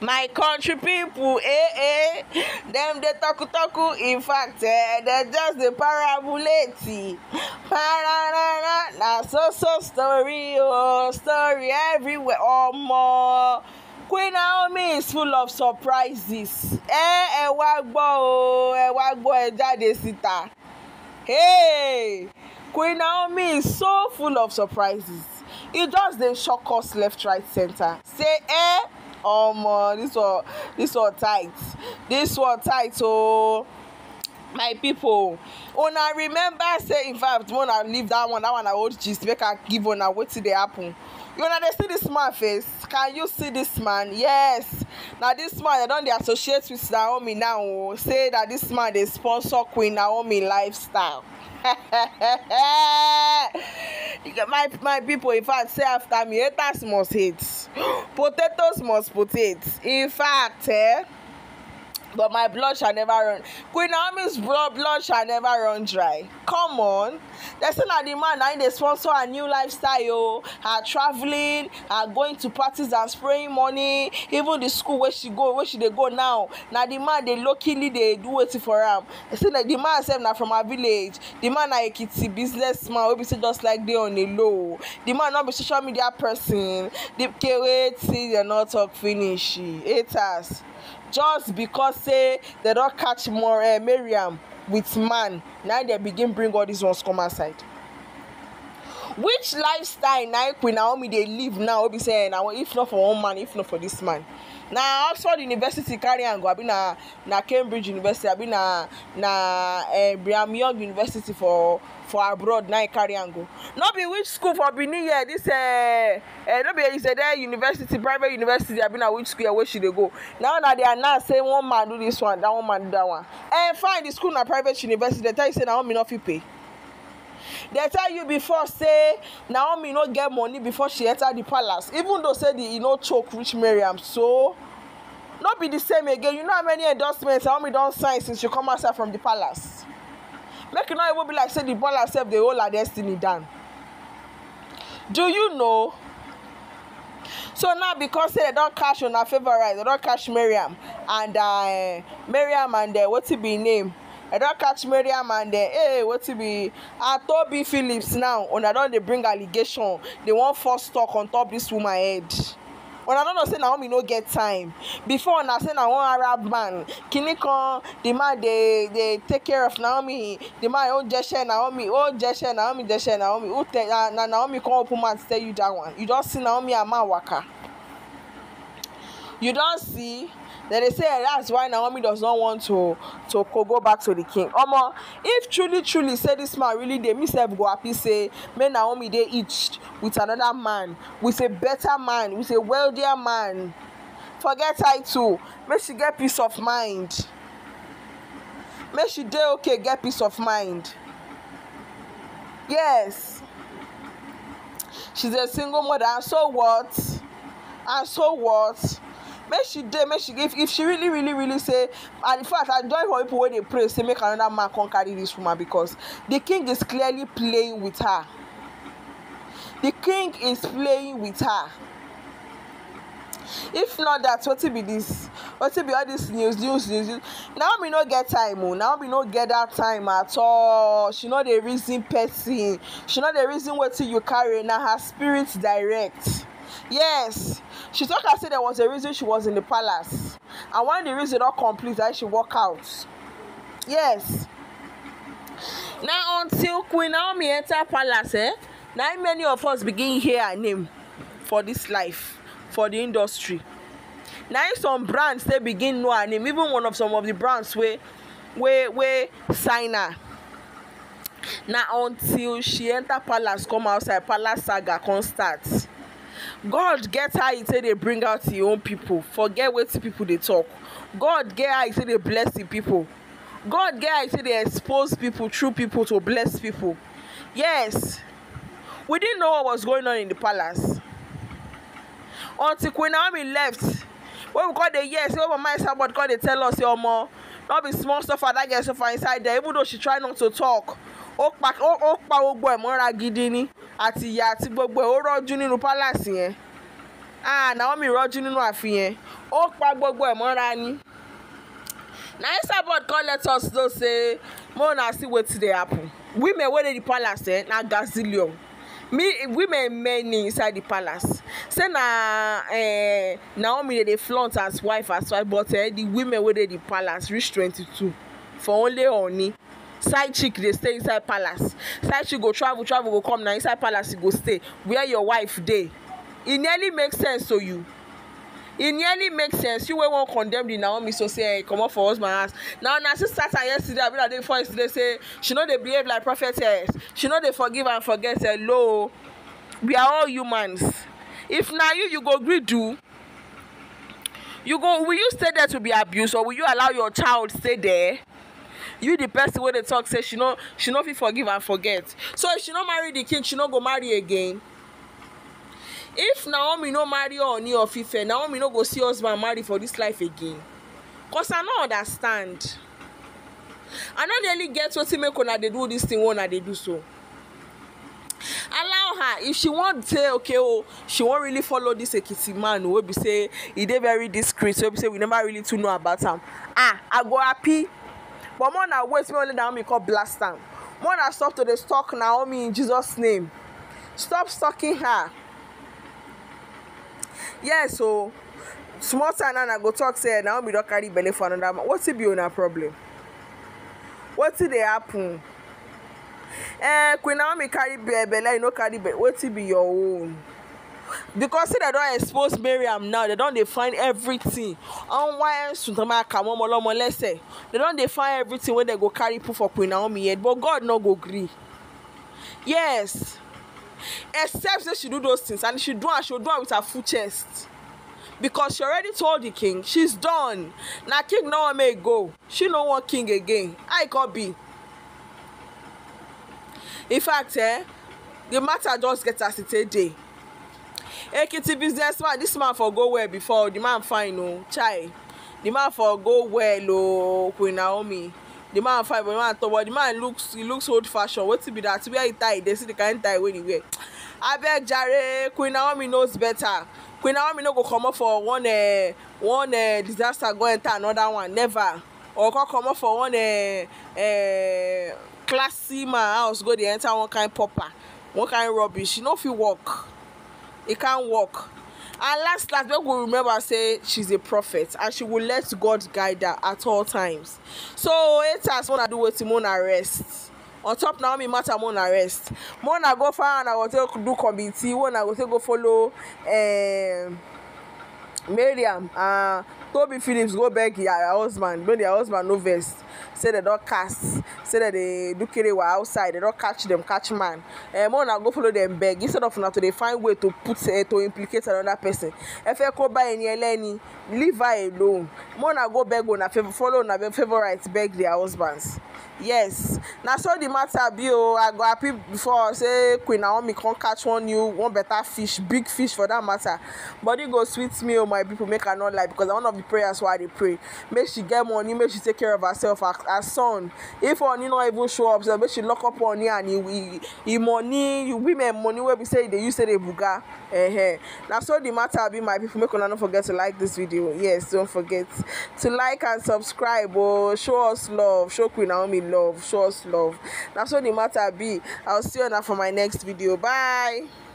my country people, eh eh dem dey talk talk in fact eh dem just dey parabolate pararara na so so story oh story everywhere omo. Oh, Queen Naomi is full of surprises ẹ eh, ẹ wá gbọ́ o oh, ẹ wá gbọ́ ẹ jáde síta hey Queen Naomi is so full of surprises e just dey shock us left right center say ẹ. Eh, omo this one this one tight this one tight ooo. Oh my pipo una remember say in fact when I leave that one that one I old gist make i give una wetin dey happen You know they see this man face can you see this man yes na this man dem don dey associate with naomi now o oh. say na this man dey sponsor queen naomi lifestyle my my people in fact say after me haters must hate potatoes must potato in fact eh but my blood shall never run queen naomi's blood blood shall never run dry come on they say na the man na him dey sponsor her new lifestyle o oh. her travelling her going to parties and spraying money even the school wey she go Where she they go now Now the man they luckily they do wetin for him. they say that the man sef na from her village the man I ekiti business man wey be say just like they on the low the man not be social media person the wait till dem no talk finish haters just because say they don catch more, uh, Miriam with man now they begin bring all these ones come outside which lifestyle now, queen naomi dey live now wey be say eh, na if not for one man if not for this man na oxford university carry am go abi na na cambridge university abi na na eh, brigham young university for for abroad na e carry am go no be which school for benin here this eh, eh, no be izede university private university abi na which school here wey she dey go na una dey announce say one man do this one that one man do that one eh, fine the school na private university dey tell you say na one me no fit pay they tell you before say naomi no get money before she enter the palace even though say the e no choke reach mariam so no be the same again you know how many endorsements naomi don sign since she come outside from the palace make e no even be like say the baller herself dey hold her destiny down do you know so now because say dem don catch una favourite they don catch mariam and uh, mariam and uh, wetin be im name dem don catch mariam and uh, hey wetin be atobi ah, phillips now una don dey bring allegation dey wan force talk on top dis woman head una no know say naomi no get time before una say na one arab man kini kan the man dey dey take care of naomi the man o jẹsẹ naomi o jẹsẹ naomi jẹsẹ naomi who tell na naomi come open mouth tell you that one you just see naomi and man waka you don see dem they say that's why naomi does not want to to go back to the king omo if truly truly say this man really dey me sef go happy say make naomi dey hitched with another man with a better man with a wealthier man forget title make she get peace of mind make she dey okay get peace of mind yes she's a single mother and so what and so what make she dey make she if, if she really really really say and in fact i join for people wey dey pray say make another man come carry this woman because the king is clearly playing with her the king is playing with her if not that wetin be this wetin be all this news news news news naomi no get time o oh. naomi no get that time at all she no dey reason person she no dey reason wetin you carry na her spirit direct yes she talk am say there was a reason she was in the palace and when the reason don complete na she walk out yes na until queen naomi enter palace eh na many of us begin hear her name for this life for the industry na some brands dey begin know her name even one of some of the brands wey wey wey sign her na until she enter palace come outside palace saga come start god get how e take dey bring out him e own people forget wetin people dey talk god get how e take dey bless him e people god get how e take dey expose people true people to bless people yes we didn't know what was going on in the palace until queen naomi left when we come dey hear say when oh, mama esabod come dey tell us say omo no be small suffer that girl suffer inside there even though she try not to talk ó pa ó pa gbogbo ẹ̀ mọ́ra gidi ni àti ìyá àti gbogbo ẹ̀ ó rọ́jú nínú pálàsì yẹn ah Naomi rọ́jú nínú ààfin yẹn ó pa gbogbo ẹ̀ mọ́ra ni na Esabod come let us know say mo na see wetin dey happen women wey dey the palace eh, na gazillion me women many inside the palace say na eh, Naomi dey dey flaunt as wife as wife but eh, the women wey dey the palace reach twenty-two for only honey side chick dey stay inside palace side chick go travel travel go come na inside palace you go stay where your wife dey e nearly make sense to you e nearly make sense you wey wan condemn the naomi so say eh comot for husband house na una sister her yesterday abi na day before yesterday say she no dey behave like prophetess she no dey forgive and forget say. hello we are all humans if na you you go gree do you go will you stay there to be abused or will you allow your child stay there you the person wey dey talk say she no she no fit forgive and forget so if she no marry the king she no go marry again if naomi no marry ooni of ife naomi no go see husband marry for this life again cause i no understand i no really get wetin make una dey do this thing wey una dey do so allow her if she wan say okay oh, she wan really follow this ekiti man wey be say he dey very discreet wey be say we never really too know about am ah i go happy but more na wait make only naomi come blast am more na stop to dey stalk naomi in jesus name stop stalking her yes o small time now na go talk say naomi don carry belle for another man wetin be una problem wetin dey happen eh queen naomi carry belle you no carry belle wetin be your own because say dem don expose mariam now they don dey find everything on why ensun tó máa kà mọ́mọ́ lọ́mọ don dey find everything wey dem go carry put for queen naomi head but god no go gree yes except say she do those things and if she do am she go do am with her full chest because she already told the king she's done na king no wan make go she no wan king again i go e be in fact eh the matter just get as e take dey ekiti businessman dis man for go well before the man fine o oh. chai the man for go well o oh, queen naomi the man fine but the man tall but the man looks he looks old fashion wetin be that where he tie dey see the kind tie wey he wear abeg jare queen naomi knows better queen naomi no go comot for one uh, one uh, disaster go enter another one never or come comot for one uh, uh, classy man house go dey enter one kind popper one kind rubbish she no fit work It can't work and last last make we remember say she's a prophet and she will let god guide her at all times so haters wanna do wetin mona rest on top naomi matter mona rest mona go far and i go take do committee mona go take go follow um, mariam and uh, toby phillips go beg her husband make their husband no vex say they don't cast say that they do kerewa outside They don't catch them catch man um more una go follow them beg instead of una to they find way to put uh, to implicate another person If fẹ́ kó bá any, ẹlẹ́ni leave her alone more una go beg una follow una favourite beg their husbands yes na so the matter be o i go happy before say queen naomi come catch one new one better fish big fish for that matter body go sweet me o my people make i no lie because na one of the prayers wey i dey pray make she get money make she take care of herself her her son if money no even show up so make she lock up money and e e e money e women money wey be say e dey use say dey buga eh eh na so the matter be my people make una no forget to like this video yes don't forget to like and subscribe o show us love show queen naomi love show us love na so the matter be i'll see una for my next video bye